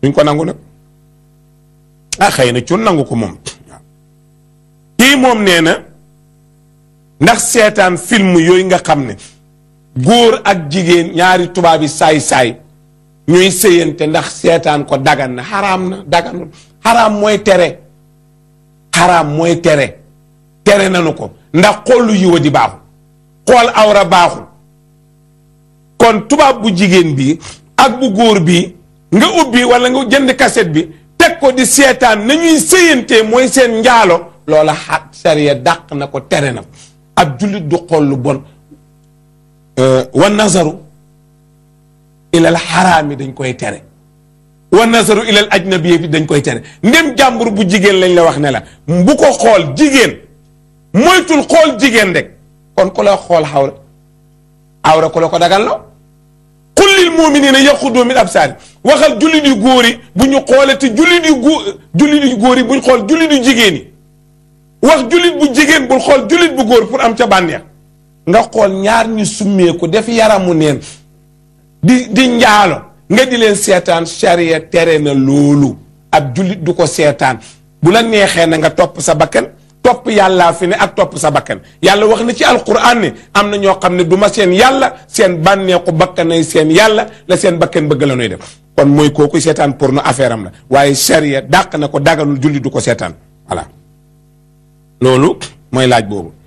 duñ ko nangu nag ah xëy na cun nangu ko moom kii moom nee na ndax seetaan film yooyu nga xam ne góor ak jigéen ñaari tubaab yi saay-saay ñuy séyante ndax seetaan ko dagan na xaraam na daganul xaraam mooy tere xaraam mooy tere tere nanu ko ndax xool lu yiwa di baaxul xool awra baaxul kon tubaab bu jigéen bi ak bu góor bi nga ubbi wala nga jënd kaset bi teg ko di seetaan nañuy séyantee mooy seen njaalo loola xat sariya dàq na ko tere na ab jullit du xool lu bon euh, wa nasaru ilal xaraami dañ koy tere wa nazaru ilal ajnabi bi dañ koy tere ndem jàmbur bu jigéen lañ la wax ne la bu ko xool jigéen moytul xool jigéen rek kon ku la xool xawra awra ku la ko dagal la qul lil muminina yaxudu min absaari waxal jullit yu góor yi bu ñu xoolee te jullit yu góor yi bu ñu xool jullit yu jigéen yi wax jullit bu jigéen bul xool jullit bu góor pour am ca bànneex nga xool ñaar ñu summeeku def yaramu neen di di njaalo nga di leen seetaan charia tere na loolu ab jullit du ko seetaan bu la neexee na nga topp sa bakkan topp yàllaa fi ne ak topp sa bakkan yàlla wax na ci alquran ne am na ñoo xam ne du ma seen yàlla seen bànneexu bakkanay seen yàlla la seen bakkan bëgg la nuy def kon mooy kooku seetaan porno affaire am la waaye charia dàq na ko daganul julli du ko seetaan voilà loolu mooy laaj boobu.